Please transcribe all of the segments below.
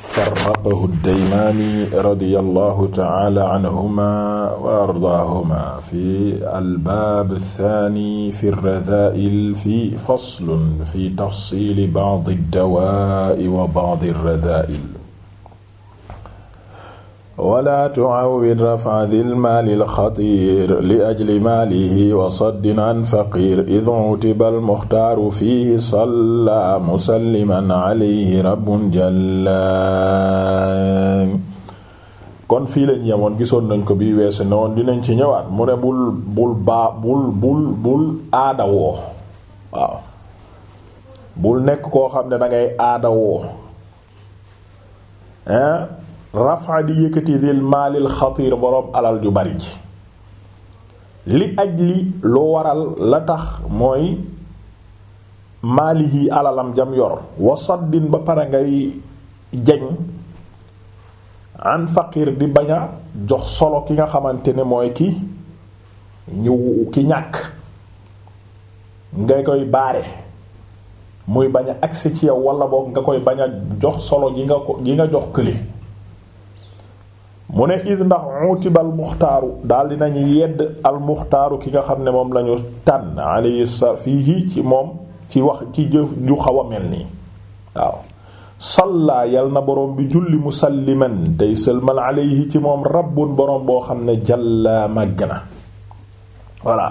farraqahu ad-Daymaani radiyallahu ta'ala anhuma wa ardaahuma fi al-baab ath-thaani fi ar-radhaa'il fi faslun fi tafsiili ba'd ad-dawaa'i wa ba'd ar-radhaa'il wala tucawwid rafca dil maali lxatir li ajli maalihi wa saddin kon fii lañ yemoon gisoon nañ ko bii ci ñëwaat mu bul nekk koo xam ne dangay aada woo hein rafa di yëkkati dil maalil xatiir boroom alal ju bari ji li aj li lu waral la tax mooy maalihi alalam jam yor wasaddin ba pare ngay jañ an faqir di bañ a jox solo ki nga xamante ne mooy ki ñu ki ñàkk nga koy baare muy bañ a agsi ci yow wala boog nga koy bañ jox solo ji nga ko ji nga jox kële mu ne is ndax utibal muxtaaru daal nañu yedd al ki nga xam ne moom lañu tànn alayhi sa fii ci moom ci wax ci jëf ju xaw a mel nii waaw salla yal na boroom bi julli musalliman tey sëlmal alayhi ci moom rabbun boroom boo xam ne jalla màgg na voilà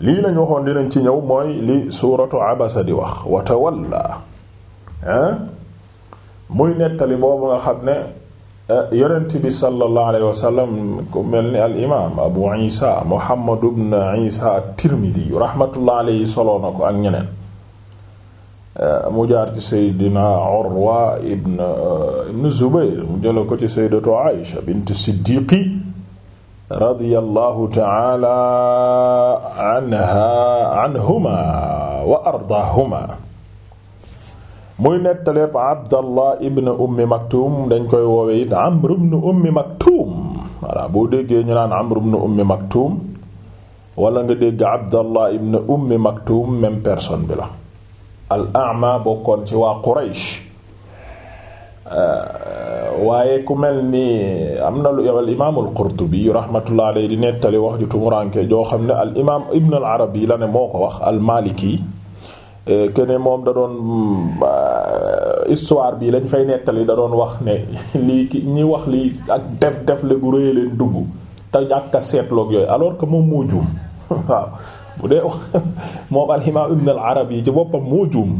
lii lañu waxoon dinañ ci ñëw mooy li suuratu abasa di wax watawalla hein muy nettali boobu nga xam ne Eh, yonent bi sallallahu alayhi wa sallam ku mel ni al imaam abu isa muhammad ibn isa at-tirmidhi rahmatullah alayhi soloo na ko ak ñeneen eh, mu jaar ci seydina urwa ibn eh, ibn zubayr mu jëla ko ci sayyidatu aisha bint siddiqi radiyallahu ta'ala anha anhuma wa ardaahuma muy nettaleeb Abdallah ibn ummi maktuum dañ koy woowe it Amr ibn ummi maktuum voilà boo déggee ñu naan Amr ibn ummi maktuum wala nga dégg Abdallah ibn ummi maktuum même personne bi la al ama bokkoon ci waa Quraysh euh, waaye ku mel ni am na lu al imaam al Qurtubi rahmatullah alayhi di nettali wax ju tumuranke joo xam ne al imaam ibn al Arabi la ne moo ko wax al Maliki Euh, que ne moom da doon euh, histoire bi lañ fay nettali da doon wax ne lii ki ñi wax lii ak def def la gu rëy leen dugg te ñàkk a seetloog yooyu alors que moom moo juum waaw mu dee moom al-Imaam Ibn al yi ci boppam moo juum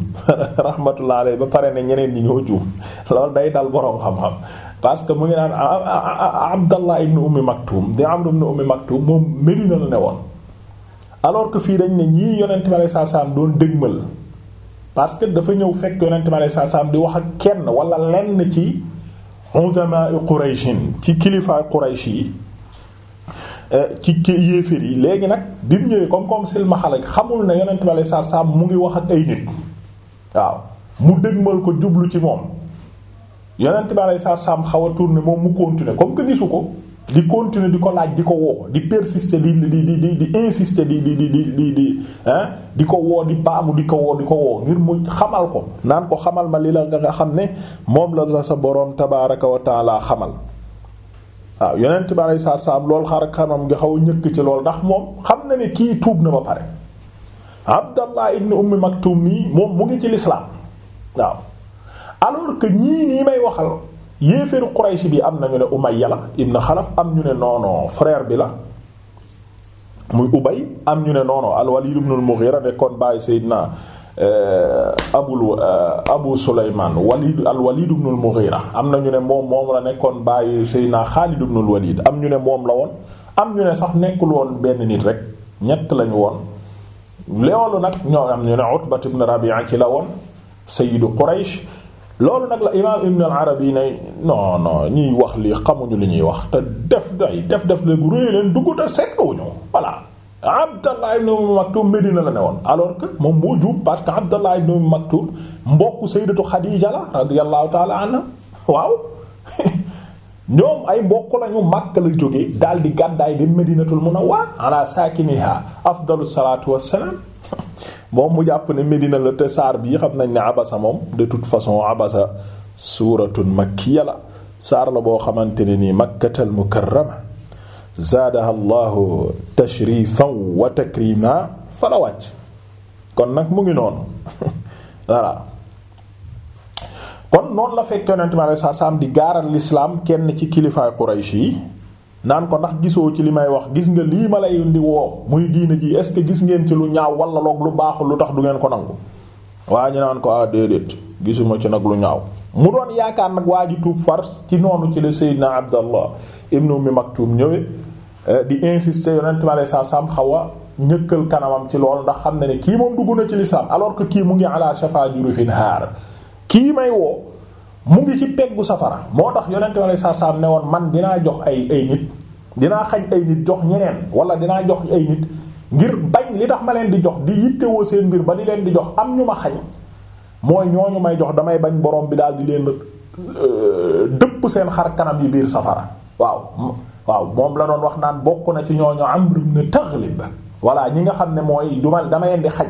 rahmatullah alayhi ba pare ne ñeneen ñi ñoo juum loolu day dal boroom xam-xam parce que mu ngi naan Abdallah ibn Ummi Maktum di Amr ibn Ummi Maktum moom Medina la ne woon. alors que fii dañ ne ñii yonent bi aleyhi salaatu salaam doon dëgmal parce que dafa ñëw fekk yonent bi aleyhi salaatu salaam di wax ak kenn wala lenn ci uzamaa'i Qurayshin ci kilifaay Quraysh yi eh, ci kii yéeféer yi léegi nag bi mu ñëwee comme comme silmaxa la xamul na yonent bi aleyhi salaatu salaam mu ngi wax ak ay nit waaw mu dëgmal ko jublu ci moom yonent bi aleyhi salaatu salaam xaw a tourné moom mu continué comme que gisu ko. di continuer di ko laaj di ko woo di persister di di di di di insister di di di di di ah di ko woo di baamu di ko woo di ko woo ngir mu xamal ko naan ko xamal ma li la nga xam ne moom la sa boroom tabaaraka wa taala xamal. waaw yeneen tubaar yi saa saam loolu xaaral kanam nga xaw a ñëkk ci lool ndax moom xam na ne kii tuub na ba pare Abdallah ibn Ummi Maktum nii moom mu ngi ci lislaam waaw alors que ñii nii may waxal. yéeféeru Quraysh bi am nañu ne Umayya la ibn Xalaf am ñu ne noono frère bi la muy Ubay am ñu ne noono al-Walid ibn al-Mughira nekkoon bàyyi Seydina euh, abul euh, abu Sulaymaan Walid al-Walid ibn al-Mughira am na ñu ne moom moom la nekkoon bàyyi Seydina Xaalid ibn al am ñu ne moom la woon am ñu ne sax nekkul woon benn nit rek ñett lañu woon loolu nag ñoo am ñu ne Utba ibn Rabi'a ci la woon sayyidu Quraysh loolu nag la imaam Ibn al-Arabi ne non non wax lii xamuñu li ñuy wax te def def def la gu rëy leen dugg seet ko wuñu voilà. Abdallah ibn Umm Medina la ne woon alors que moom moo juub parce que Abdallah ibn Umm Maktum mbokku sayyidatu Xadiija la radiyallahu ta'ala anha waaw ñoom ay mbokk lañu Makka la jógee daal di gàddaay dem Medinatul Munawwara ala saakiniha afdalu salaatu wassalaam moom mu jàpp ne Medina la te saar bii xam nañ ne abasa moom de façon abasa suuratun makkiya la saar la boo xamante ne nii makkatal mukarrama zaadaha llahu tashrifan wa takrima fa la wàcc kon nag mu ngi noonu voilà kon noonu la fekk yonent mi alayhi salaam di gaaral l'islam kenn ci kilifaay Quraysh yi naan ko ndax gisoo ci li may wax gis nga lii ma lay indi woo muy diina ji est-ce que gis ngeen ci lu ñaaw wala loog lu baaxul lu tax du ngeen ko nangu waa ñu naan ko ah déedéet gisuma ci nag lu ñaaw mu doon yaakaar nag waa ji tuub far ci noonu ci la Seydina Abdallah ibn Ummi Maktum ñëwee eh, di insister yonent bi alayhi salaam xaw a ñëkkal kanamam ci lool ndax xam na ne kii moom dugg na ci lislaam alors que kii mu ngi ala shafa jurufin haar kii may woo mu ngi ci peggu safara moo tax yonente bi saa saa ne woon man dinaa jox ay ay nit dinaa xaj ay nit jox ñeneen wala dinaa jox ay nit ngir bañ li tax ma leen di jox di yittewoo seen mbir ba di leen di jox am ñu ma xañ mooy ñooñu may jox damay bañ borom bi daal di leen euh, dëpp seen xar kanam yi biir safara waaw waaw moom la doon wax naan bokk na ci ñooñu Amr ibn Taghlib voilà ñi nga xam ne mooy du ma dama leen di xaj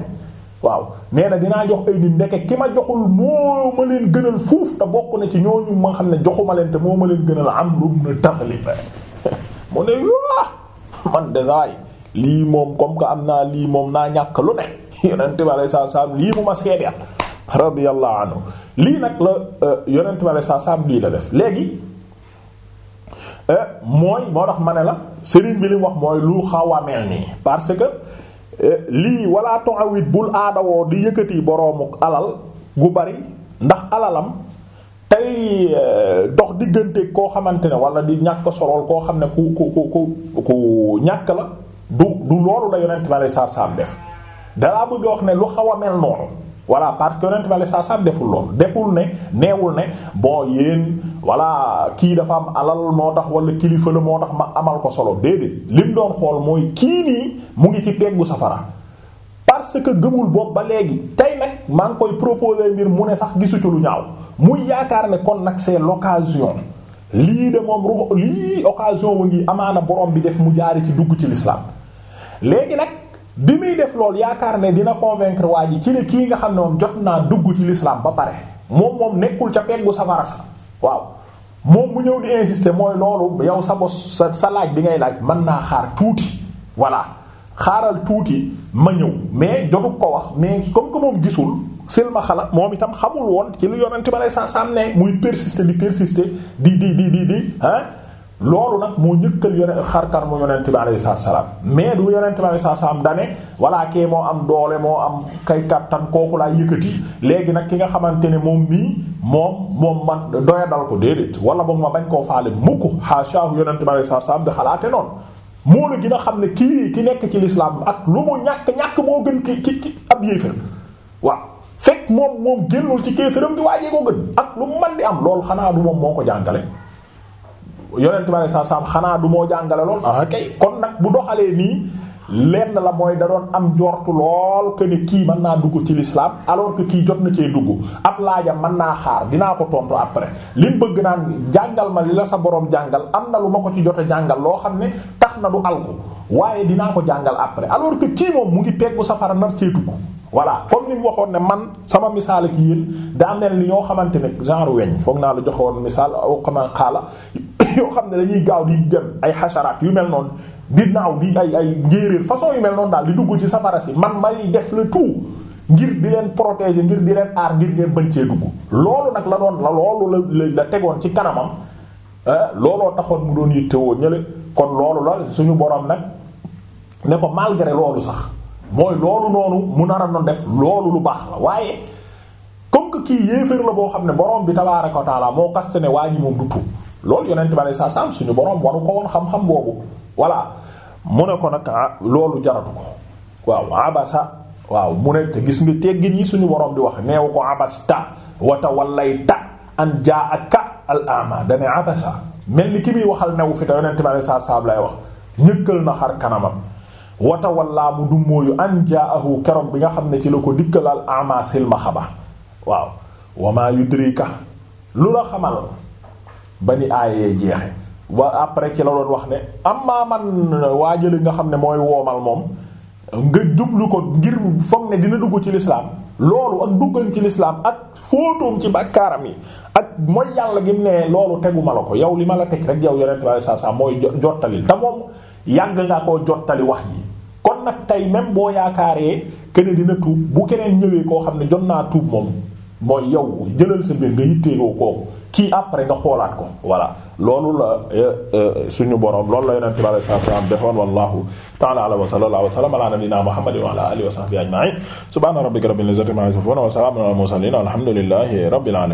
waaw nee na dinaa jox ay nit ndeke ki ma joxul moo ma leen gënal fuuf te bokk na ci ñooñu ma xam ne joxuma leen te moo ma leen gënal am lu mu taxlib mu lii moom comme que am naa lii moom naa ñàkk lu ne yonent bi alayhi salaam lii mu ma seedeel radiyallahu anhu lii nag la euh, yonent bi alayhi salaam lii la def léegi euh, mooy moo tax ma ne la sëriñ bi li wax mooy lu xaw a mel nii parce que Eh, lii wala toawit bul aadawoo di yëkkati boroomu alal gu bari ndax alalam tey eh, dox diggante koo xamante ne wala di ñàkk solool koo xam ne ku ku ku ku ñàkk la du du loolu la yonent ma lay saar saam def dalaa bëgg wax ne lu xaw a mel noonu voilà parce que yonent bi saa saa deful lool deful ne neewul ne bon yéen voilà kii dafa am alal moo tax wala kilifa la moo tax ma amal ko solo déedéet lim doon xool mooy kii nii mu ngi ci peggu safara. parce que gëmul boobu ba léegi tey nag maa ngi koy proposer mbir mu ne sax gisu lu ñaaw muy yaakaar ne kon nag see l'occasion lii de moom ruux lii occasion wu ngi amaana borom bi def mu jaari ci dugg ci l'islam léegi nag. bi muy def loolu yaakaar ne dina convaincre waa ji ci ne kii nga xam ne moom jot naa dugg ci l'islam ba pare moom moom nekkul ca peggu safara sax waaw moom mu ñëw di insister mooy loolu yow sa bos sa sa laaj bi ngay laaj man naa xaar tuuti voilà xaaral tuuti ma ñëw mais jotu ko wax mais comme que moom gisul silma xala moom itam xamul woon ci lu yonent ba lay sànsam ne muy persister di persister di di di di di ah loolu nag moo njëkkal yone xarkar mu yonent bi alayhi salaam mais du yonent bi alayhi salaam dane walla kee moo am doole moo am kay kàttan kooku laa yëkkati léegi nag ki nga xamante ne moom nii moom moom man doya dal ko déedéet wala boog ma bañ koo faale mukk haashaahu yonent bi alayhi salaam di xalaate noonu moo la gën a xam ne kii ki nekk ci lislaam ak lu mu ñàkk-ñàkk moo gën ki ki ki ab yéefér waaw fekk moom moom génnul ci kéeféram di waajee ko gën ak lu mu man di am loolu xanaa du moom moo ko jàngale yonent bi sa saam xanaa du moo jàngale lool ah, kay kon nag bu doxalee nii leen lenn la mooy da doon am njortu lool que ne kii mën naa dugg ci l'islam alors que kii jot na cee dugg ab laajam mën naa xaar dinaa ko tontu après lim bëgg naan jàngal ma li la sa borom jàngal am na lu ma ko ci jot jàngal loo xam ne tax na du alku waaye dinaa ko jàngal après alors que kii moom mu ngi peggu safara nar cee dugg voilà comme waxoon ne man sama misaal ak yéen daa mel ni xamante ne genre weñ foog naa la joxewoon misaal aw xama xam ne dañuy gaaw di dem ay xasaraat yu mel noonu di naaw di ay ay njéeréer façon yu mel noonu daal di dugg ci safara si man may def le tout ngir di leen protéger ngir di leen aar ngir ngeen bañ cee dugg loolu nag la doon la loolu la la tegoon ci kanamam looloo taxoon mu doon yittewoo ñële kon loolu la suñu am nag ne ko malgré loolu sax mooy loolu noonu mu nara a def loolu lu baax la waaye comme que kii yéeféer la boo xam ne borom bi tabaaraka wa taala moo kaste ne waa ji moom du tuub loolu yonent ba ne saa saam suñu borom waru ko woon xam-xam boobu voilà mu ne ko nag ah, loolu jaratu ko waaw abasa waaw mu ne gis nga teggin yi suñu borom di wax neew ko abasta wata wallay ta an jaa aka al ama dane abasa mel ni ki muy waxal new fi te yonent ba ne saa saam lay wax ñëkkal na xar kanamam wata wallaa mu dummóoyu an jaahu keroog bi nga xam ne ci la ko dikkalaal ama silmaxa ba waaw wamaa yudrika lu la xamal ba ni aayee jeexe wa après ci la doon wax ne amma man waajali nga xam ne mooy woomal moom nga jublu ko ngir foog ne dina dugg ci lislaam loolu ak duggal ci lislaam ak fóotoom ci bàkkaaram yi ak mooy yàlla gi ne loolu teguma la ko yow li ma la teg rek yow yonent bi sallallahu alayhi wasallam mooy jottali te moom yàgg nga koo jottali wax ji kon nag tey même boo yaakaaree keneen dina tuub bu keneen ñëwee koo xam ne jot naa tuub moom mooy yow jëlal sa mbir nga yitteekoo kooku kii après nga xoolaat ko voilà loolu la euh, euh, suñu borom loolu la yonente bi alayhi salaatu wa salaam defoon wallahu ta'ala a'lam wa sallallahu wa sallama ala nabiyyina muhammadin wa ala alihi wa sahbihi ajma'in subhana rabbika rabbil izzati amma yasifun wa salamun ala al mursalin walhamdulillahi rabbil alamin